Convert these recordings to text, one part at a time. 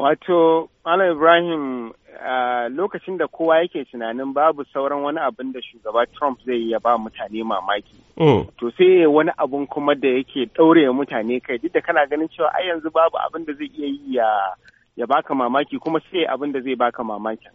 Wato, Malam Ibrahim lokacin da kowa yake tunanin babu sauran wani abin da shugaba Trump zai yi ya ba mutane mamaki. Mm. To sai wani abun kuma da yake ɗaure mutane kai duk da kana ganin cewa ai yanzu babu abin da zai iya yi ya baka mamaki kuma sai abin da zai baka mamaki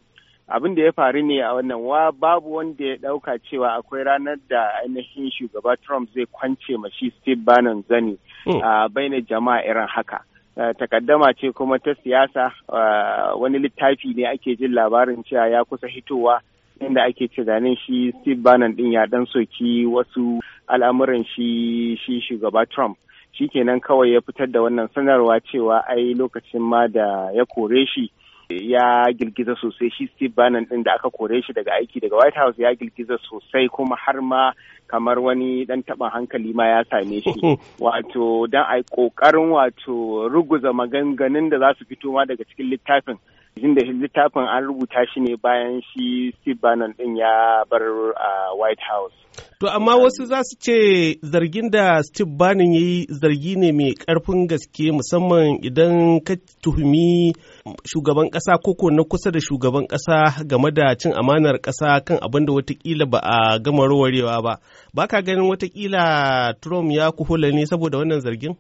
Abin da ya faru ne a wannan wa babu wanda ya ɗauka cewa akwai ranar da ainihin shugaba Trump zai kwance ma shi Steve Bannon zani mm. a bainar jama'a irin haka. Eh, takaddama ce kuma ta siyasa eh, wani littafi ne ake jin labarin cewa ya kusa hitowa inda ake ce ganin shi Steve Bannon din ya dan soki wasu al'amuran shi shi shugaba Trump shikenan kawai ya fitar da wannan sanarwa cewa ai lokacin ma da ya kore shi ya girgiza sosai shi Steve Bannon din da aka kore shi daga aiki daga White House ya girgiza sosai kuma har ma kamar wani dan taɓa hankali ma ya same shi wato dan yi kokarin wato ruguza maganganun da za su fito ma daga cikin littafin Jin da littafin an rubuta shi ne bayan shi Steve Bannon din ya bar a White House. To amma wasu za su ce zargin da Steve Bannon ya yi zargi ne mai ƙarfin gaske musamman idan ka tuhumi shugaban ƙasa koko na kusa da shugaban ƙasa game da cin amanar ƙasa kan abin da watakila ba a gama rawarewa ba. Ba ka ganin watakila Trump ya kuhula ne saboda wannan zargin?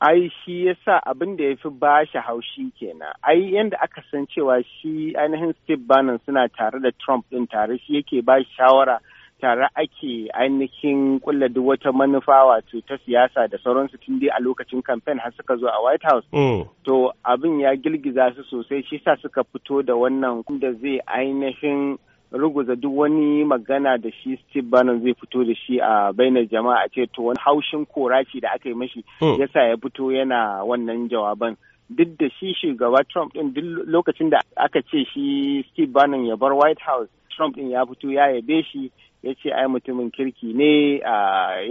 ai shi yasa abin da ya fi ba shi haushi kenan ai yadda aka san cewa shi ainihin steve bannon suna tare da trump din tare shi yake ba shawara tare ake ainihin kulla duk wata manufa wato ta siyasa da sauransu tun dai a lokacin kamfen har suka zo a white house mm. to abin ya girgiza su sosai shi sa suka fito da wannan da zai ainihin ruguza duk wani magana da shi Steve Bannon zai fito da shi a bainar jama'a ce to wani haushin koraci da aka yi mashi hmm. yasa ya fito yana wannan jawaban duk da shi shugaba Trump din duk lokacin da aka ce shi Steve Bannon ya bar White House Trump din ya fito ya yabe shi ya ce ai mutumin kirki ne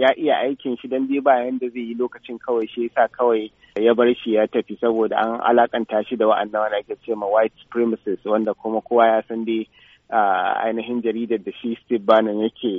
ya iya aikin shi dan dai ba yanda zai yi lokacin kawai shi yasa kawai ya bar shi ya tafi saboda an alakanta shi da wa'annan wani ake ce ma white supremacists wanda kuma kowa ya san dai ainihin jaridar da shi Steve Bannon yake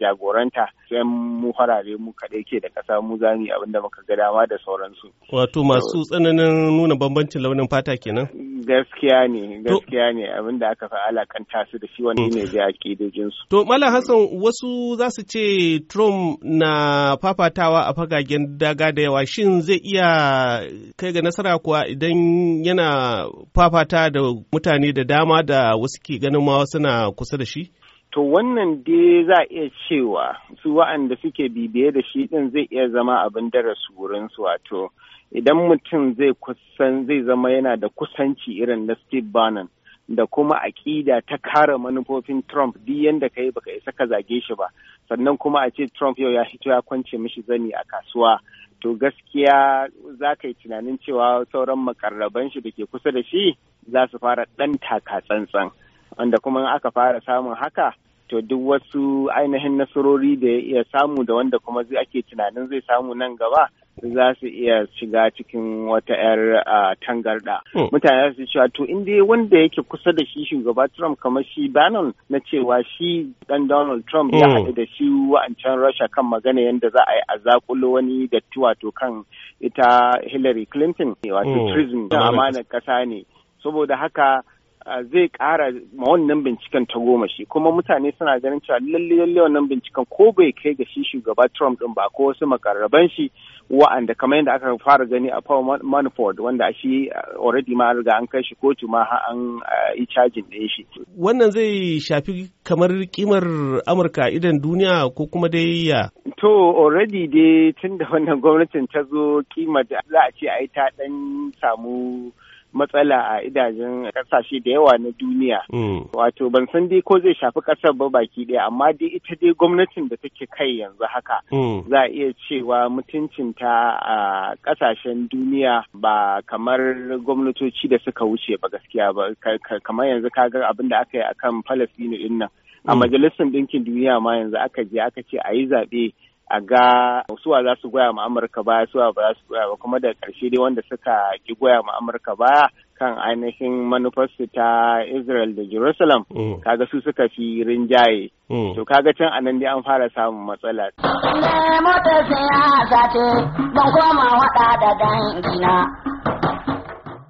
jagoranta sai mu harare mu kaɗai ke da ƙasa mu zami abinda muka ga dama da sauransu. Wato masu tsananin nuna bambancin launin fata kenan? Gaskiya ne, gaskiya ne abin da aka fi alakanta su da shi wani mm. ne ji aƙidojin su. To Mala Hassan wasu za su ce Trump na fafatawa a fagagen daga da yawa shin zai iya kai ga nasara kuwa idan yana fafata da mutane da dama da wasu ke ganin ma suna kusa da shi? to wannan dai za a iya cewa su wa'anda suke bibiye da shi din zai iya zama abin darasu wurinsu wato idan mutum zai kusan zai zama yana da kusanci irin na steve bannon da kuma aƙida ta kare manufofin trump duk yadda ka yi baka isa ka zage shi ba sannan kuma a ce trump yau ya fito ya kwance mishi zani a kasuwa to gaskiya za ka yi tunanin cewa sauran makarraban shi da ke kusa da shi za su fara ɗan taka tsantsan. wanda kuma aka fara samun haka to duk wasu ainihin nasarori da ya iya samu da wanda kuma zai ake tunanin zai samu nan gaba za su iya shiga cikin wata 'yar tangarda. Hmm. Mutane su cewa to in dai wanda yake kusa da shi shugaba Trump kamar shi Bannon na cewa shi dan Donald Trump ya hmm. haɗu da shi wa'ancan Rasha kan magana yadda za a yi a zakulo wani datti wato kan ita Hillary Clinton wato hmm. treason da amana ƙasa ne. Saboda haka zai kara ma wannan binciken ta goma shi kuma mutane suna ganin cewa lalle lalle wannan binciken ko bai kai ga shi shugaba Trump din ba ko wasu makarraban shi wa'anda kamar yadda aka fara gani a Paul Manafort wanda shi uh, already ma riga an kai shi kotu ma an uh, yi cajin ɗin shi. Wannan zai shafi kamar kimar Amurka idan duniya ko kuma dai ya? To already dai tun wannan gwamnatin ta zo kima da za a ce ai ta ɗan samu matsala a idajen kasashe da yawa na duniya. Hmm. Wato ban san dai ko zai shafi kasar ba baki ɗaya amma dai ita dai gwamnatin da take kai yanzu haka hmm. za a iya cewa mutuncinta a kasashen duniya ba kamar gwamnatoci da suka wuce ba gaskiya ba kamar yanzu kaga abin da aka yi akan Falasɗinu din nan. A hmm. majalisar ɗinkin duniya ma yanzu aka je aka ce a yi zaɓe a ga suwa za su goya ma Amurka baya suwa ba za su goya ba kuma da ƙarshe dai wanda suka ki goya ma Amurka baya kan ainihin manufarsu ta Israel da Jerusalem mm. kaga su suka fi rinjaye. Mm. To kaga can anan dai an fara samun matsala. Ne motar sai ya don koma waɗa da